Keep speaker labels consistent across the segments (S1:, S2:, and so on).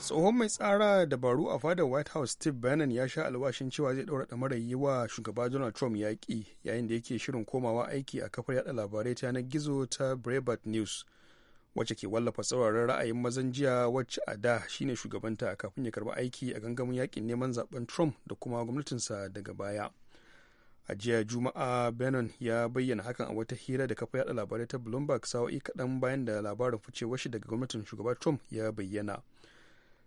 S1: tsohon mai tsara dabaru a fadar white house steve bannon ya sha alwashin cewa zai ɗaura ɗamarar yi wa shugaba donald trump yaƙi yayin da yake shirin komawa aiki a kafar yada labarai ta yanar gizo ta breitbart news wacce ke wallafa tsauraran ra'ayin mazan jiya wacce a da shine shugabanta kafin ya karba aiki a gangamin yakin neman zaben trump da kuma gwamnatinsa daga baya a jiya juma'a benon ya bayyana hakan a wata hira da kafa yada labarai ta bloomberg sawa'i kaɗan bayan da labarin ficewar shi daga gwamnatin shugaba trump ya bayyana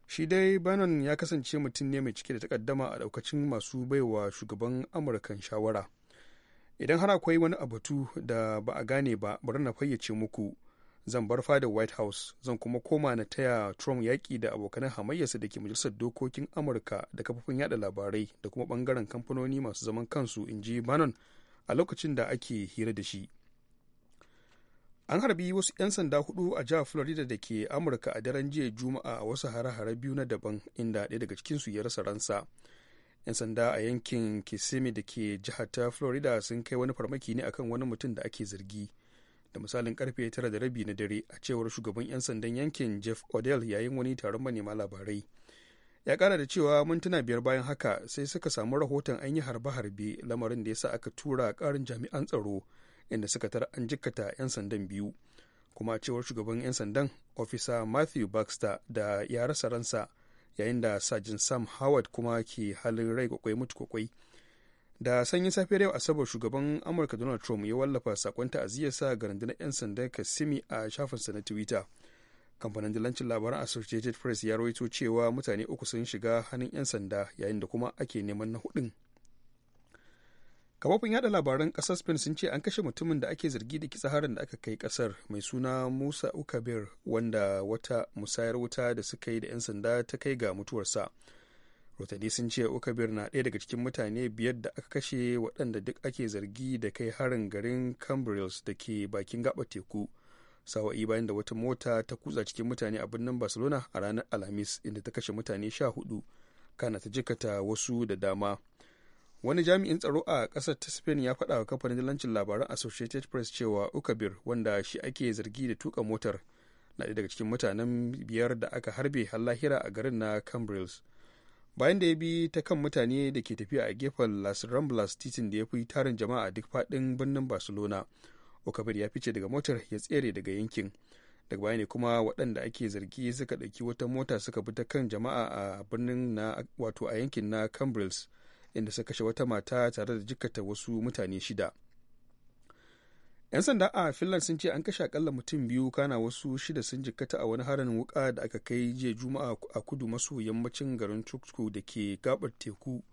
S1: shi dai bannon ya kasance mutum ne mai cike da takaddama a daukacin masu baiwa shugaban amurkan shawara idan har akwai wani abatu da ba a gane ba bari na fayyace muku zan bar fadar white house zan kuma koma na taya trump yaƙi da abokanan hamayyarsa da ke majalisar dokokin amurka da kafofin yada labarai da kuma bangaren kamfanoni masu zaman kansu in ji bannon a lokacin da ake hira da shi an harbi wasu 'yan sanda hudu a jihar florida da ke amurka a daren jiya juma'a a wasu hare-hare biyu na daban inda ɗaya daga cikinsu ya rasa ransa 'yan sanda a yankin kisimi da ke jihar ta florida sun kai wani farmaki ne akan wani mutum da ake zargi da misalin karfe tara da rabi na dare a cewar shugaban 'yan sandan yankin jeff odell yayin wani taron manema labarai ya kara da cewa mintuna biyar bayan haka sai suka samu rahoton an yi harbe-harbe lamarin da ya sa aka tura karin jami'an tsaro inda suka tara an jikkata 'yan sandan biyu kuma cewar shugaban 'yan sandan ofisa matthew baxter da ya rasa ransa yayin da sajin sam howard kuma ke halin rai kwakwai mutu kwakwai da sanyin safiyar yau asabar shugaban amurka donald trump ya wallafa sakon ta'aziyarsa ga rundunar 'yan sandan kasimi a shafinsa na twitter kamfanin dillancin labaran associated press ya rawaito cewa mutane uku sun shiga hannun 'yan sanda yayin da kuma ake neman na hudun kafofin yada labaran kasar spain sun ce an kashe mutumin da ake zargi da kitsa harin da aka kai kasar mai suna musa ukabir wanda wata musayar wuta da suka yi da 'yan sanda ta kai ga mutuwarsa rotani sun ce ukabir na ɗaya daga cikin mutane biyar da aka kashe waɗanda duk ake zargi da kai harin garin cambrils da ke bakin gaba teku sawa'i bayan da wata mota ta kutsa cikin mutane a birnin barcelona a ranar alhamis inda ta kashe mutane sha hudu kana ta jikata wasu da dama wani jami'in tsaro a ƙasar ta spain ya faɗa wa kamfanin dalancin labaran associated press cewa ukabir wanda shi ake zargi da tuka motar na daga cikin mutanen biyar da aka harbe har lahira a garin na cambrils bayan da ya bi ta kan mutane da ke tafiya a gefen las ramblas titin da ya fi tarin jama'a duk faɗin birnin barcelona ukabir ya fice daga motar ya tsere daga yankin daga baya ne kuma waɗanda ake zargi suka ɗauki wata mota suka bi ta kan jama'a a birnin na wato a yankin na cambrils inda suka kashe wata mata tare da jikata wasu mutane shida 'yan sanda a finland sun ce an kashe akalla mutum biyu kana wasu shida sun jikkata a wani harin wuka da aka kai jiya juma'a a kudu maso yammacin garin tukku da ke gabar teku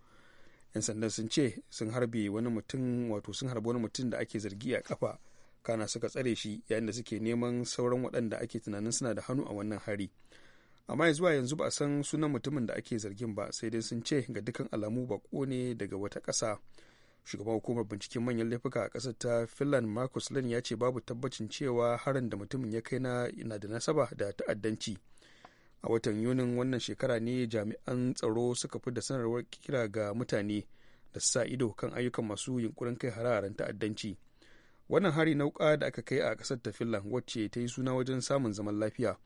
S1: 'yan sanda sun ce sun harbe wani mutum wato sun harbe wani mutum da ake zargi a kafa kana suka tsare shi yayin da suke neman sauran waɗanda ake tunanin suna da hannu a wannan hari amma zuwa yanzu ba a san sunan mutumin da ake zargin ba sai dai sun ce ga dukkan alamu bako ne daga wata ƙasa shugaban hukumar binciken manyan laifuka a ƙasar ta finland marcus lane ya ce babu tabbacin cewa harin da mutumin ya kai na da nasaba da ta'addanci a watan yunin wannan shekara ne jami'an tsaro suka fi da sanarwar kira ga mutane da sa ido kan ayyukan masu yunkurin kai hararen ta'addanci wannan hari na wuka da aka kai a ƙasar ta finland wacce ta yi suna wajen samun zaman lafiya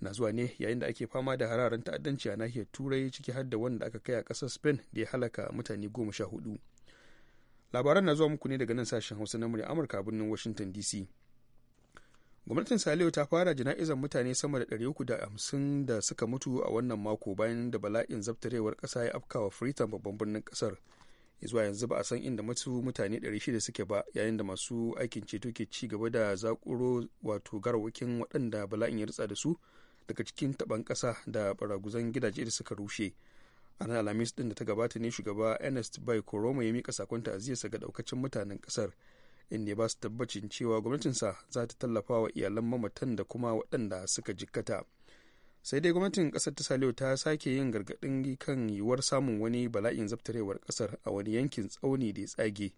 S1: na zuwa ne yayin da ake fama da hararan ta'addanci a nahiyar turai ciki har da wanda aka kai a ƙasar spain da ya halaka mutane goma sha hudu labaran na zuwa muku ne daga nan sashen hausa na murya amurka birnin washington dc gwamnatin saliyo ta fara jana'izar mutane sama da uku da da suka mutu a wannan mako bayan da bala'in zabtarewar ƙasa ya afkawa freetown babban birnin ƙasar zuwa yanzu ba a san inda masu mutane 600 suke ba yayin da masu aikin ceto ke ci gaba da zakuro wato garwakin waɗanda bala'in ya ritsa da su daga cikin taban kasa da baraguzan gidaje da suka rushe a alhamis din da ta gabata ne shugaba ernest bai koroma ya mika sakon ta'aziyarsa ga daukacin mutanen kasar inda ya ba su tabbacin cewa gwamnatinsa za ta tallafa wa iyalan mamatan da kuma waɗanda suka jikkata sai dai gwamnatin kasar ta saliyo ta sake yin gargaɗin kan yiwuwar samun wani bala'in zaftarewar kasar a wani yankin tsauni da ya tsage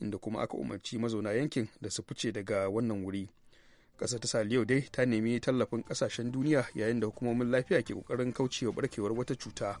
S1: inda kuma aka umarci mazauna yankin da su fice daga wannan wuri kasa ta saliyo dai ta nemi tallafin ƙasashen duniya yayin da hukumomin lafiya ke ƙoƙarin kaucewa barkewar wata cuta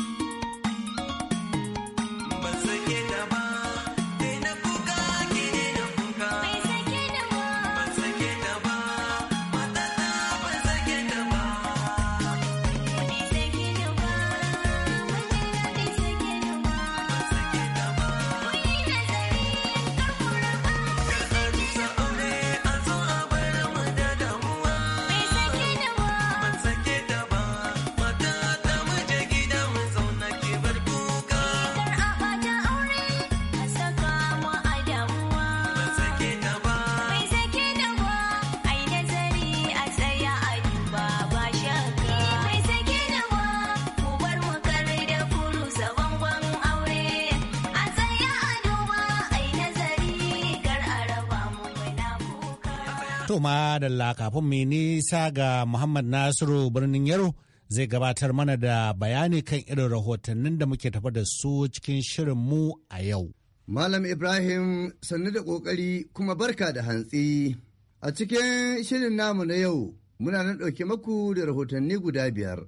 S2: To ma da kafin mai nisa ga Muhammad Nasiru birnin Yaro zai gabatar mana da bayani kan irin rahotannin da muke tafa da su cikin shirin mu a
S3: yau. Malam Ibrahim sannu da ƙoƙari kuma barka da hantsi. A cikin shirin namu na yau muna nan ɗauke maku da rahotanni guda biyar.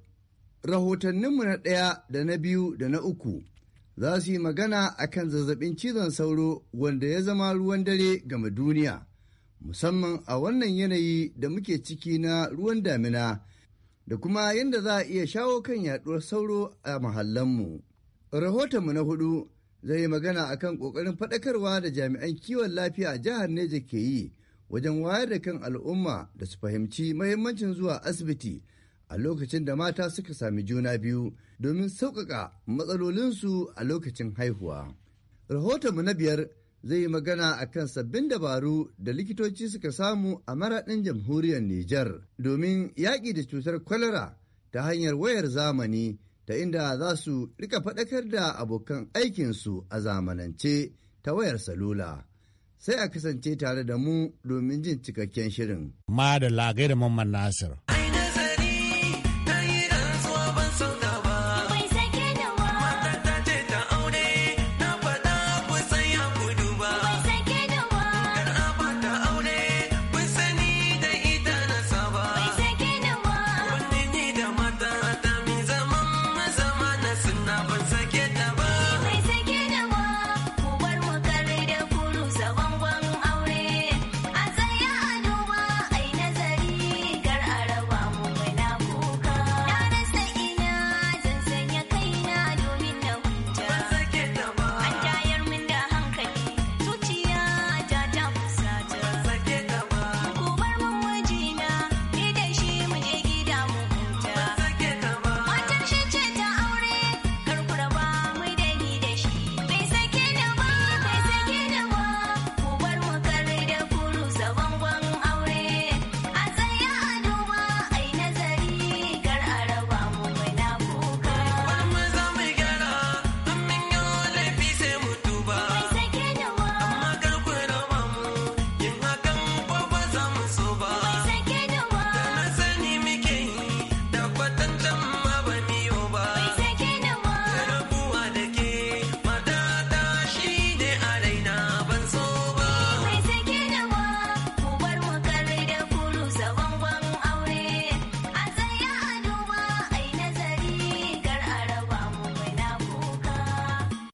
S3: Rahotanninmu na ɗaya da na biyu da na uku za su yi magana akan zazzaɓin cizon sauro wanda ya zama ruwan dare game duniya. musamman a wannan yanayi da muke ciki na ruwan damina da kuma yadda za a iya shawo kan yaduwar sauro a mahallanmu. Rahotonmu na hudu zai yi magana a kan ƙoƙarin faɗakarwa da jami'an kiwon lafiya a jihar Neja ke yi wajen wayar da kan al'umma da su fahimci mahimmancin zuwa asibiti a lokacin da mata suka sami juna biyu domin sauƙaƙa matsalolinsu a lokacin haihuwa. Rahotonmu na biyar zai yi magana a kan sabbin dabaru da likitoci suka samu a maraɗin jamhuriyar Nijar domin yaƙi da cutar kwalara ta hanyar wayar zamani ta inda za su rika faɗakar da abokan aikinsu a zamanance ta wayar salula. Sai a kasance tare da mu domin jin cikakken shirin. Ma da lagai da Mamman Nasir.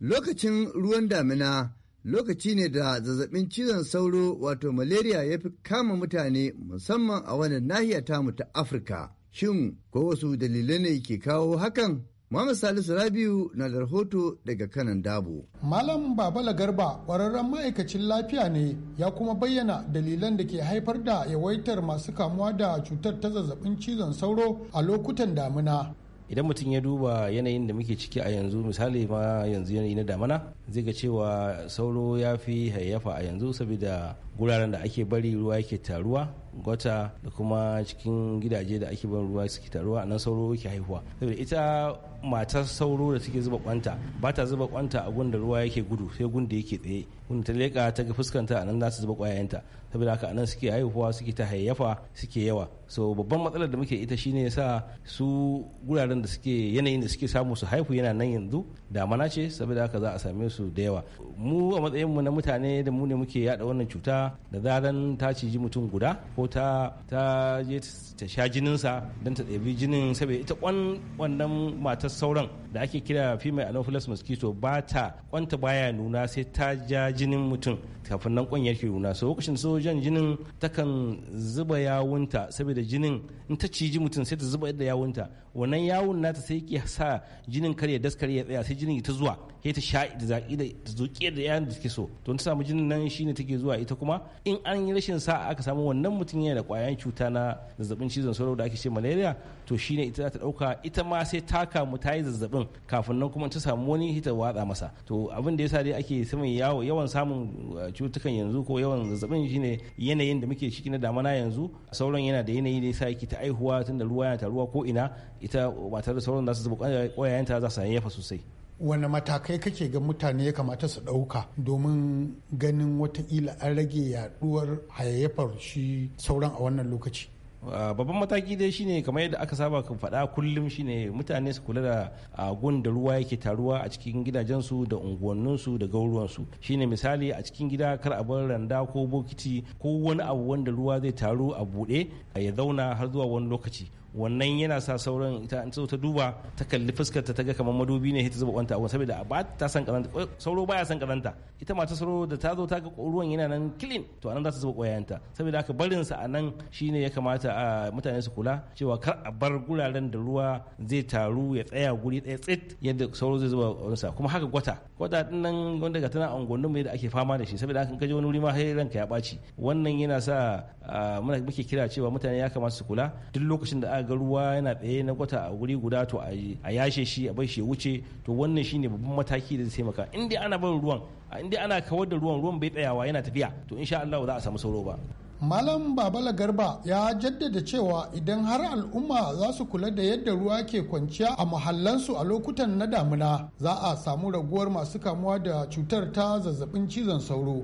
S3: Lokacin ruwan damina lokaci ne da zazzabin cizon sauro wato malaria ya fi kama mutane musamman a wannan nahiya tamu ta Afirka. Shin ko wasu dalilai ne ke kawo hakan? Muhammad Salisu Rabiu na da rahoto daga kanan dabo. Malam Babala Garba ƙwararren ma'aikacin lafiya ne ya kuma bayyana dalilan da ke haifar da
S4: yawaitar masu kamuwa da cutar ta zazzabin cizon sauro a lokutan damina.
S2: idan mutum ya duba yanayin da muke ciki a yanzu misali ma yanzu yanayi na damana zai ga cewa sauro ya fi hayyafa a yanzu saboda guraren da ake bari ruwa yake taruwa gwata da kuma cikin gidaje da ake bari ruwa suke taruwa nan sauro yake haihuwa saboda ita matar sauro da take zuba kwanta ba ta zuba kwanta a gunda ruwa yake gudu sai gunda yake tsaye gunda ta leka ta ga fuskanta a nan za su zuba kwayayenta saboda haka anan suke haihuwa suke ta hayyafa suke yawa so babban matsalar da muke ita shine yasa su guraren da suke yanayin da suke samu su haihu yana nan yanzu damana ce saboda haka za a same su da yawa mu a matsayin mu na mutane da mu ne muke yada wannan cuta da zaran ta ciji mutum guda ko ta ta je ta sha jinin sa dan ta ɗebi jinin saboda ita kwan wannan matar sauran da ake kira female anopheles mosquito ba ta kwanta baya nuna sai ta ja jinin mutum kafin nan kwan yake nuna so lokacin so wajen jinin takan zuba yawunta saboda jinin in ta ciji mutum sai ta zuba yadda yawunta wannan yawun nata sai ki sa jinin kar ya daskare ya tsaya sai jinin ta zuwa sai ta sha da zaki da zuƙiyar da yayin da take so to ta samu jinin nan shine take zuwa ita kuma in an yi rashin sa aka samu wannan mutum yana da ƙwayan cuta na zazzabin cizon sauro da ake ce malaria to shine ita za ta ɗauka ita ma sai taka mu ta yi zazzabin kafin nan kuma ta samu wani hita watsa masa to abin da yasa dai ake samun yawo yawan samun uh, cutukan yanzu ko yawan zazzabin shine yanayin da muke ciki na damana yanzu sauran yana da yanayi da yasa yake ta aihuwa tunda ruwa yana taruwa ko ina ita ba tare da sauran da su zuba ƙwayayenta za su yayyafa sosai
S4: wani matakai kake ga mutane ya kamata su ɗauka domin ganin watakila an rage yaɗuwar hayayyafar shi sauran a wannan lokaci
S2: babban mataki dai shine kamar yadda aka saba kan faɗa kullum shine mutane su kula da gun da ruwa yake taruwa a cikin gidajensu da unguwanninsu da gauruwansu shine misali a cikin gida kar a bar randa ko bokiti ko wani abu wanda ruwa zai taru a buɗe ya zauna har zuwa wani lokaci wannan yana sa sauran ita an ta duba ta kalli fuskar ta ga kamar madubi ne ta zuba kwanta a saboda ba ta san karanta sauro baya san karanta ita mata sauro da ta zo ta ga ruwan yana nan clean to anan za ta zuba kwayanta saboda haka barin sa anan shine ya kamata a mutane su kula cewa kar a bar guraren da ruwa zai taru ya tsaya guri ɗaya tsit yadda sauro zai zuba wansa kuma haka gwata gwata din nan wanda ga tana angondon mai da ake fama da shi saboda haka je wani wuri ma sai ranka ya ɓaci wannan yana sa muke kira cewa mutane ya kamata su kula duk lokacin da a ga ruwa yana tsaye na kwata a wuri guda to a yashe shi a bai shi wuce to wannan shi ne babban mataki da zai taimaka in dai ana bar ruwan in ana kawar da ruwan ruwan bai tsayawa yana tafiya to insha Allah za a samu sauro ba
S4: Malam Babala Garba ya jaddada cewa idan har al'umma za su kula da yadda ruwa ke kwanciya a muhallansu a lokutan na damuna za a samu raguwar masu kamuwa da cutar ta zazzabin cizon sauro.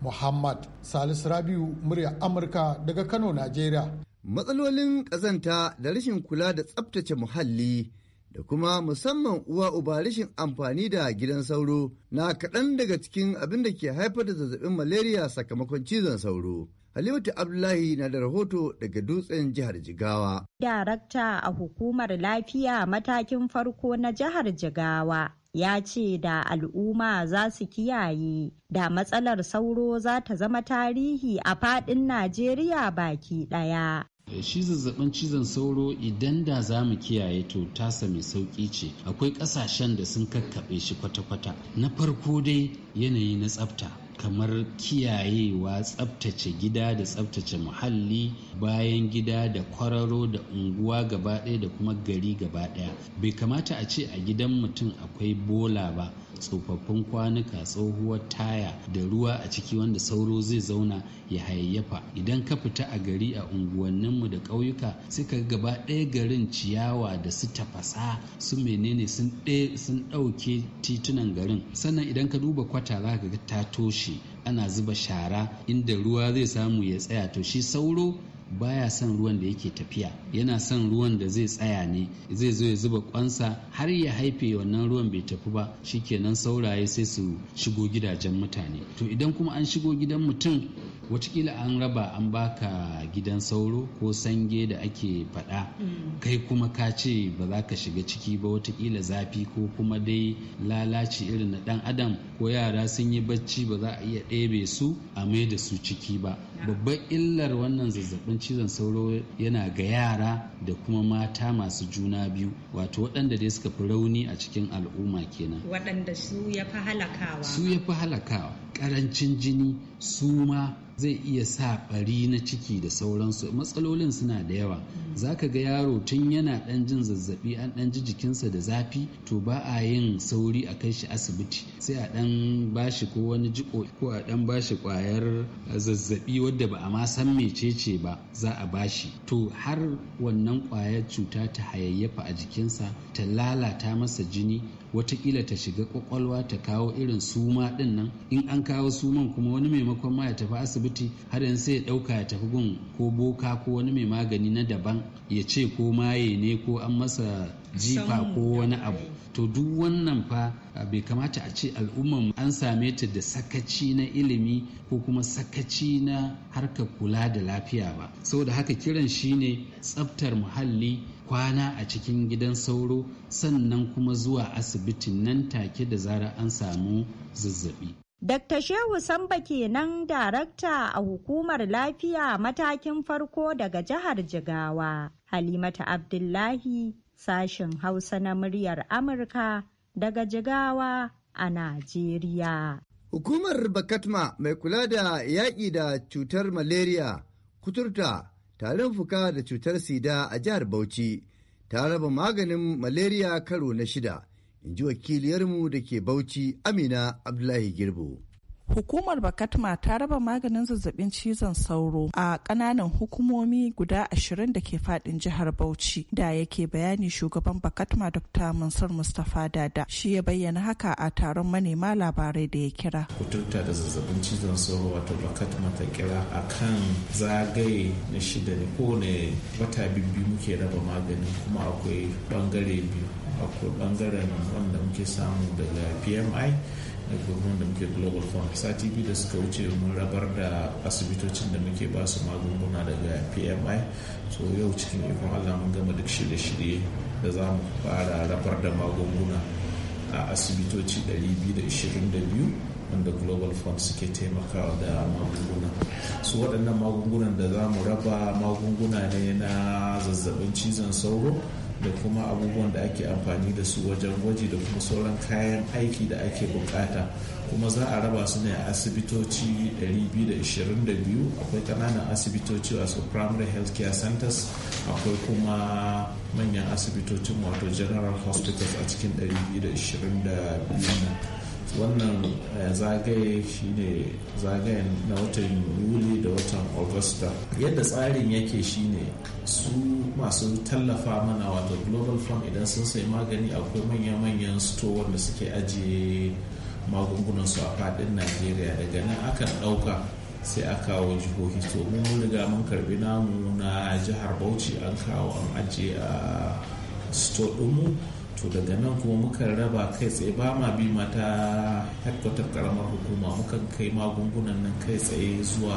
S4: Muhammad Salisu Rabiu murya Amurka daga
S3: Kano, Najeriya. matsalolin ƙazanta da rashin kula da tsabtace muhalli da kuma musamman uwa uba rashin amfani da gidan sauro na kaɗan daga cikin abin da ke haifar da zazzabin malaria sakamakon cizon sauro. Halimatu Abdullahi na da rahoto daga dutsen jihar Jigawa.
S5: Darakta a hukumar lafiya matakin farko na jihar Jigawa ya ce da al'umma za su kiyaye da matsalar sauro za ta zama tarihi a faɗin Najeriya baki ɗaya.
S6: Eh, shi zazzabin cizon sauro idan da za mu kiyaye to tasa mai sauƙi ce akwai ƙasashen da sun kakkaɓe shi kwata-kwata na farko dai yanayi na tsafta kamar kiyayewa tsabtace gida da tsabtace muhalli bayan gida da kwararo da unguwa gaba ɗaya da kuma gari gaba ɗaya bai kamata a ce a gidan mutum akwai bola ba tsofaffin kwanuka tsohuwar taya da ruwa a ciki wanda sauro zai zauna ya hayayyafa idan ka fita a gari a unguwanninmu da ƙauyuka sai ka gaba ɗaya garin ciyawa da su tafasa su menene sun ɗauke titunan garin sannan idan ka duba kwata za ka ga ta toshe shi ana zuba shara inda ruwa zai samu ya tsaya to shi sauro baya son ruwan da yake tafiya yana son ruwan da zai tsaya ne zai zo ya zuba kwansa har ya haife wannan ruwan bai tafi ba shi shikenan sauraye sai su shigo gidajen mutane to idan kuma an shigo gidan mutum wacikila an raba an baka gidan sauro ko sange da ake faɗa mm. kai kuma ka ce ba za ka shiga ciki ba watakila zafi ko kuma dai lalaci irin na ɗan adam ko yara sun yi bacci ba za a iya ɗebe su a mai da su ciki ba babban illar wannan zazzabin cizon sauro yana ga yara da kuma mata masu juna biyu wato waɗanda dai suka fi rauni a cikin al'umma kenan
S5: waɗanda su ya fi halakawa su
S6: ya fi halakawa ƙarancin jini su ma zai iya sa ɓari na ciki da sauransu matsalolin suna da yawa za ka ga yaro tun yana ɗan jin zazzabi an ɗan ji jikinsa da zafi to ba a yin sauri a kai shi asibiti sai a ɗan bashi ko wani jiko ko a ɗan bashi kwayar zazzabi wadda ba a ma san mecece ba za a bashi to har wannan kwayar cuta ta hayayyafa a jikinsa ta lalata masa jini watakila ta shiga kwakwalwa ta kawo irin suma din nan in an kawo suman kuma wani maimakon ma ya tafi asibiti har yanzu sai ya dauka ya tafi gun ko boka ko wani mai magani na daban ya ce ko maye ne ko an masa jifa ko wani abu to duk wannan fa bai kamata a ce al'umman an same ta da sakaci na ilimi ko kuma sakaci na harkar kula da lafiya ba saboda haka kiran shi ne tsabtar muhalli kwana a cikin gidan sauro sannan kuma zuwa asibitin nan take da zarar an samu zazzabi
S5: Dr. Shehu Samba kenan darakta a hukumar lafiya matakin farko daga jihar Jigawa. Halimata Abdullahi sashen Hausa na muryar Amurka daga Jigawa a Najeriya.
S3: Hukumar Bakatma mai kula da yaƙi da cutar malaria, kuturta, tarin fuka da cutar sida a jihar Bauchi ta raba maganin malaria karo na shida. in ji wakiliyarmu da ke Bauchi Amina Abdullahi Girbo.
S7: Hukumar Bakatma ta raba maganin zazzabin cizon sauro a kananan hukumomi guda ashirin da ke fadin jihar Bauchi da yake bayani shugaban Bakatma Dr. Mansur Mustapha Dada shi ya bayyana haka a taron manema labarai da ya kira.
S8: kututta da zazzabin cizon sauro wato Bakatma ta kira a kan zagaye na shida ne ne wata biyu muke raba maganin kuma akwai bangare biyu akwai bangaren wanda muke samu daga pmi daga wanda muke global fund sati biyu da suka wuce mun rabar da asibitocin da muke ba su magunguna daga pmi so yau cikin ikon allah mun gama duk shirye-shirye da za mu fara rabar da magunguna a asibitoci 222 wanda global fund suke taimakawa da magunguna su waɗannan magungunan da za mu raba magunguna ne na zazzabin cizon sauro da kuma abubuwan da ake amfani da su wajen gwaji da kuma sauran kayan aiki da ake bukata kuma za a raba su ne a asibitoci 222 akwai kananan asibitoci wasu primary health care centers akwai kuma manyan asibitocin wato general hospitals a cikin 222 wannan eh, zagaye shine zagayen na watan yuli da watan augusta yadda tsarin yake ne su masu tallafa mana wato global fund idan sun sai magani akwai manya-manyan store wanda suke ajiye magungunan su a fadin nigeria daga nan akan ɗauka sai a kawo jihohi to mun riga mun karbi namu na jihar bauchi an kawo an ajiye a store to daga nan kuma muka raba kai tsaye ba ma bi mata headquarter karamar hukuma muka kai magungunan nan kai tsaye zuwa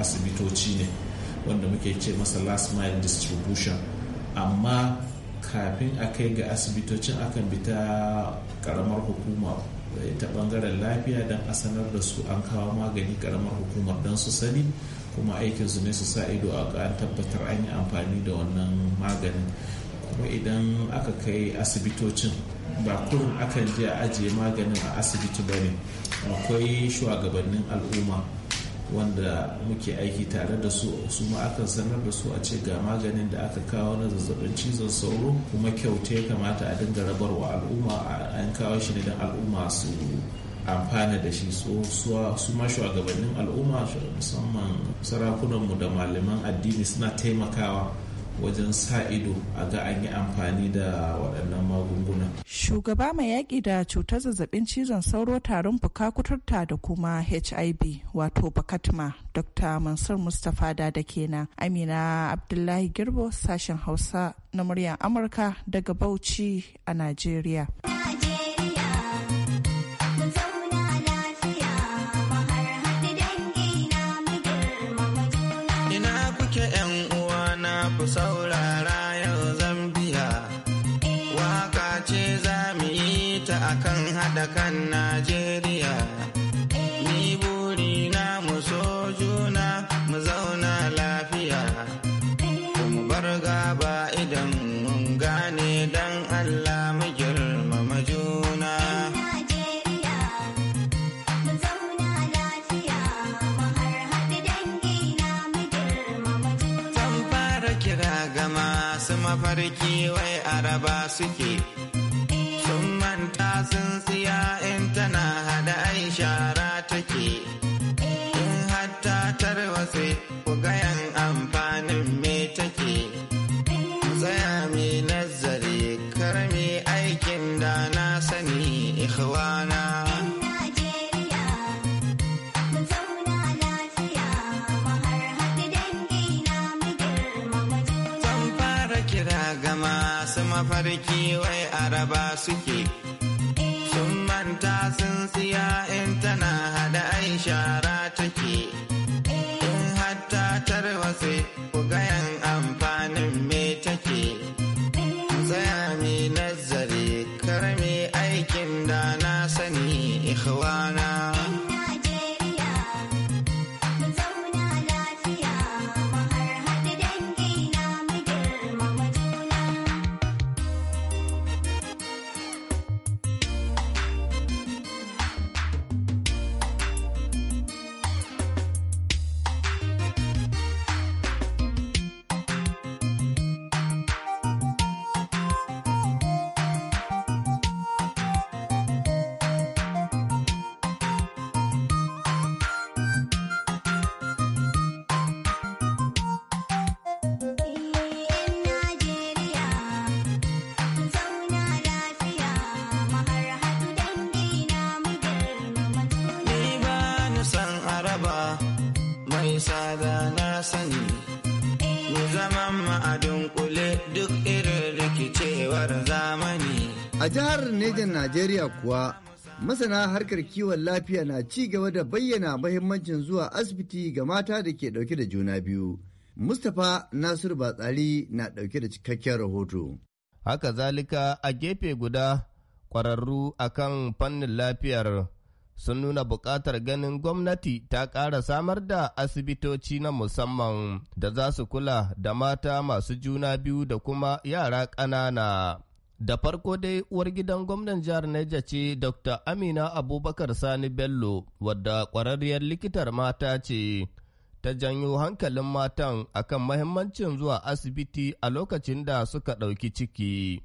S8: asibitoci ne wanda muke ce masa last mile distribution amma kafin a kai ga asibitocin akan bi ta karamar hukuma eh, ta bangaren lafiya don a sanar da su an kawo magani karamar hukumar don su sani kuma aikinsu ne su sa ido a tabbatar an yi amfani da wannan maganin kuma idan aka kai asibitocin ba kurin akan je a ajiye maganin a asibiti ba ne akwai shugabannin al'umma wanda muke aiki tare da su su ma akan sanar da su a ce ga maganin da aka kawo na zazzabin cizon sauro kuma kyauta ya kamata a dinga rabarwa al'umma an kawo shi ne don al'umma su amfana da shi su ma shugabannin al'umma musamman sarakunanmu da malaman addini suna taimakawa wajen sa ido a ga an yi amfani da waɗannan magunguna.
S7: Shugaba mai yaƙi da cutar zazzabin cizon sauro tarin fuka kuturta da kuma HIV wato bakatma Dr. Mansur Mustapha da da kenan Amina Abdullahi Girbo sashen Hausa na muryar Amurka daga Bauchi a Najeriya.
S9: mafarki wai araba suke sun manta sun siya in tana hada aishara shara take in hatta tarwatse mafarki wai araba suke sun manta sun siya in tana hada shara take cewar zamani.
S3: A jihar Nejan Najeriya kuwa masana harkar kiwon lafiya na ci gaba da bayyana mahimmancin zuwa asibiti ga mata da ke dauke da juna biyu. Mustapha Nasiru Batsali na dauke da cikakken rahoto. Haka zalika
S10: a gefe guda kwararru akan fannin lafiyar sun nuna buƙatar ganin gwamnati ta ƙara samar da asibitoci na musamman da za su kula da mata masu juna biyu da kuma yara ƙanana. Da farko dai uwar gidan gwamnan jihar Neja ce Dr. Amina Abubakar Sani Bello wadda ƙwararriyar likitar mata ce ta janyo hankalin matan akan mahimmancin zuwa asibiti a lokacin da suka ɗauki ciki.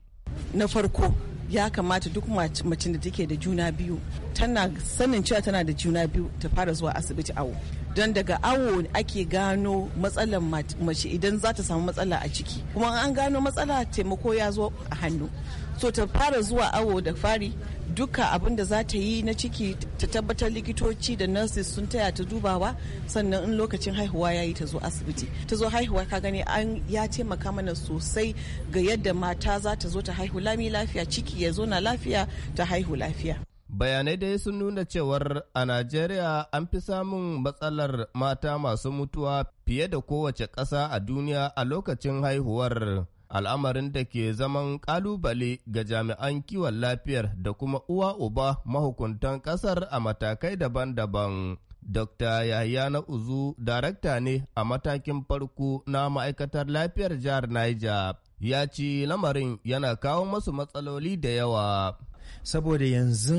S10: na farko ya kamata duk macin da take da juna biyu tana sanin cewa tana da
S7: juna biyu ta fara zuwa asibiti awo don daga awo ake gano matsalar mace idan za ta samu matsala a ciki kuma an gano matsala taimako ya zo a hannu so ta fara zuwa awo da fari duka abin da za ta yi na ciki ta tabbatar likitoci da nurses sun taya ta dubawa sannan in lokacin haihuwa ya yi ta zo asibiti ta zo haihuwa ka gani an ya taimaka mana sosai ga yadda mata za ta zo ta haihu lami lafiya ciki ya zo na lafiya ta haihu lafiya
S10: bayanai dai sun nuna cewar a najeriya an fi samun matsalar mata masu mutuwa fiye da kowace ƙasa a duniya a lokacin haihuwar al'amarin da ke zaman ƙalubale ga jami'an kiwon lafiyar da kuma uwa uba mahukuntan ƙasar a matakai daban-daban. Dr. Yahya na Uzu, darakta ne a matakin farko na ma'aikatar lafiyar jihar Niger, ya ci lamarin yana kawo masu matsaloli da yawa. Saboda yanzu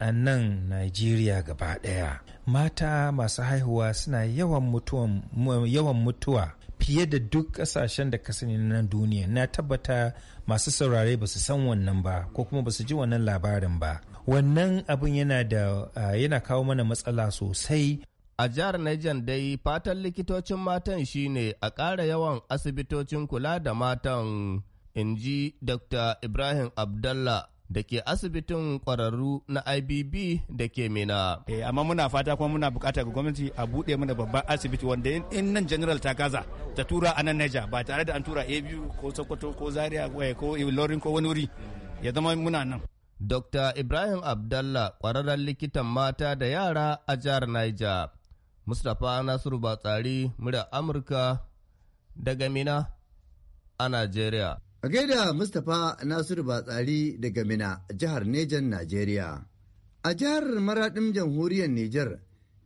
S10: a nan Najeriya gaba
S1: ɗaya, mata masu haihuwa suna yawan mutuwa fiye da duk kasashen da ka sani na duniya na tabbata masu saurare ba su san
S10: wannan ba ko kuma ba su ji wannan labarin ba wannan abin yana da yana kawo mana matsala sosai a jihar Niger dai fatan likitocin matan shine a ƙara yawan asibitocin kula da matan in ji dr ibrahim abdallah da ke asibitin kwararru na IBB da ke Mina. Eh, amma muna fata kuma muna bukata ga gwamnati a buɗe mana babban asibiti wanda in nan general ta gaza ta tura a nan Niger ba tare da an tura ABU ko Sokoto ko Zaria ko eh, lorin ko wani wuri ya zama muna nan. Dr. Ibrahim Abdallah kwararren likitan mata da yara a jihar Niger. Mustapha Nasiru Batsari, murya Amurka daga Mina a Najeriya.
S3: A gaida Mustapha Nasiru Batsari daga Mina, jihar Nejan, Najeriya. A jihar Maraɗin Jamhuriyar Nijar,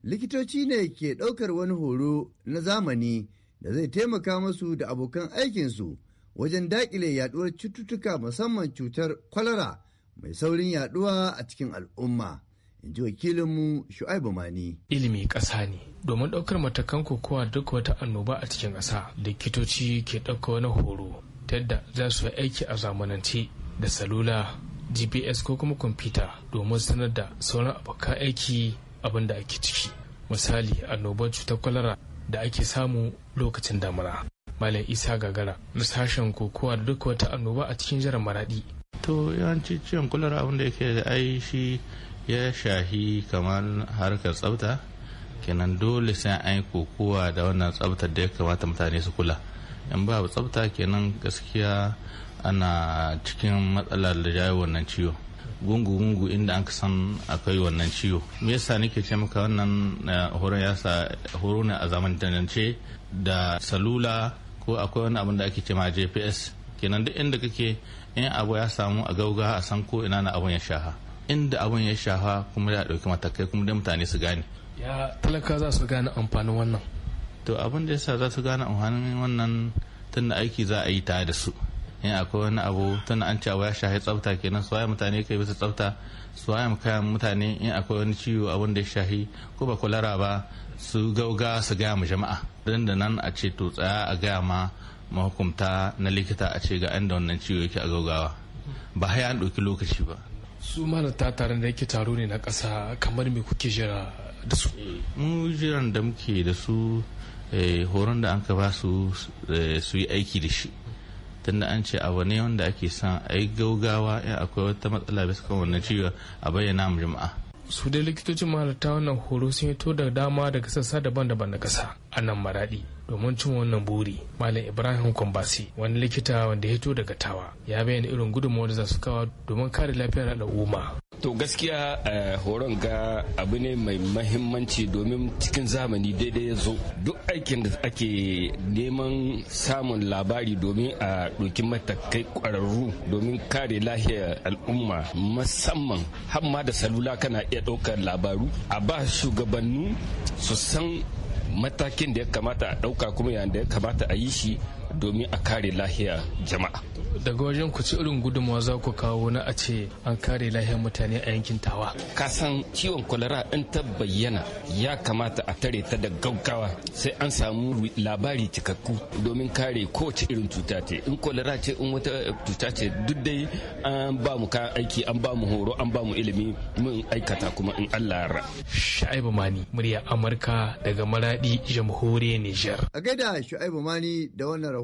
S3: likitoci ne ke ɗaukar wani horo na zamani da zai taimaka masu da abokan aikinsu wajen daƙile yaɗuwar cututtuka musamman cutar kwalara mai saurin yaɗuwa a cikin al'umma. in ji wakilinmu shu'aibu mani ilimi ƙasa ne
S4: domin ɗaukar matakan kokowa duk wata annoba a cikin ƙasa likitoci ke ɗauka wani horo ta yadda za su yi aiki a zamanance da salula gps ko kuma kwamfuta domin sanar da sauran abokan aiki abin da ake ciki misali annobar cutar kwalara da ake samu lokacin damuna malam isa gagara na sashen kokowa da duk wata annoba a cikin jiran maradi
S11: to yawanci ciwon kwalara abin da yake da ai shi ya shahi kamar harkar tsafta kenan dole sai an yi kokowa da wannan tsaftar da ya kamata mutane su kula in ba tsafta kenan gaskiya ana cikin matsalar da jawo wannan ciwo gungu-gungu inda an san akwai wannan ciwo me yasa nake ce maka wannan eh, horon sa horo ne a zamantance da salula ko akwai wani abin da ake ce ma jps kenan duk inda kake in abu ya samu a gauga a san ko ina na abin ya shaha inda abun ya shaha kuma ya dauki matakai kuma dai mutane su gane ya talaka za su gane amfanin wannan to abin da yasa za su gane amfanin wannan tun da aiki za a yi tare da su in akwai wani abu tun an abu ya shafi tsafta kenan su waye mutane kai bisa tsafta su waye kayan mutane in akwai wani ciwo abin da ya shafi ko ba kulara ba su gauga su gaya ma jama'a don da nan a ce to tsaya a gaya ma mahukumta na likita a ce ga inda wannan ciwo yake a gaugawa ba haya an ɗauki lokaci ba
S4: su ta taron da yake taro ne na ƙasa kamar me kuke jira
S11: da su eh, mu jiran da muke da su Eh, horon da an ka ba su eh, su yi aiki da shi tunda an ce abu ne wanda ake san a yi gaugawa ya eh, akwai wata matsala bisa kan wannan ciwo a bayyana mu jama'a
S4: su dai likitocin mahalarta wannan horo sun yi to da dama daga sassa daban-daban na ƙasa a nan maradi domin cin wannan buri malam ibrahim kwambasi wani likita wanda ya hito daga tawa ya bayyana irin gudunmawar da su kawo domin kare lafiyar al'umma
S12: to gaskiya eh, horon ga abu ne mai mahimmanci domin cikin zamani daidai ya zo duk aikin da ake neman samun labari domin a ɗauki matakai ƙwararru domin kare lafiyar al'umma musamman hamma da salula kana iya ɗaukar labaru a ba shugabannu su san matakin da ya kamata a ɗauka kuma yadda ya kamata a yi shi domin a kare lahiyar jama'a
S4: daga wajen ku ci irin gudunmawa za ku kawo na a ce an kare lahiyar mutane a yankin tawa
S12: ka san ciwon kwalara in ta bayyana ya kamata a tare ta da gaggawa sai an samu labari cikakku domin kare kowace irin cuta ce in kwalara ce in wata cuta ce duk dai an ba mu kayan aiki an ba mu horo an ba mu ilimi mun aikata kuma in Allah ya
S4: Shu'aibu Mani murya Amurka daga Maradi jamhuriyar Nijar.
S3: A gaida Shu'aibu Mani da wannan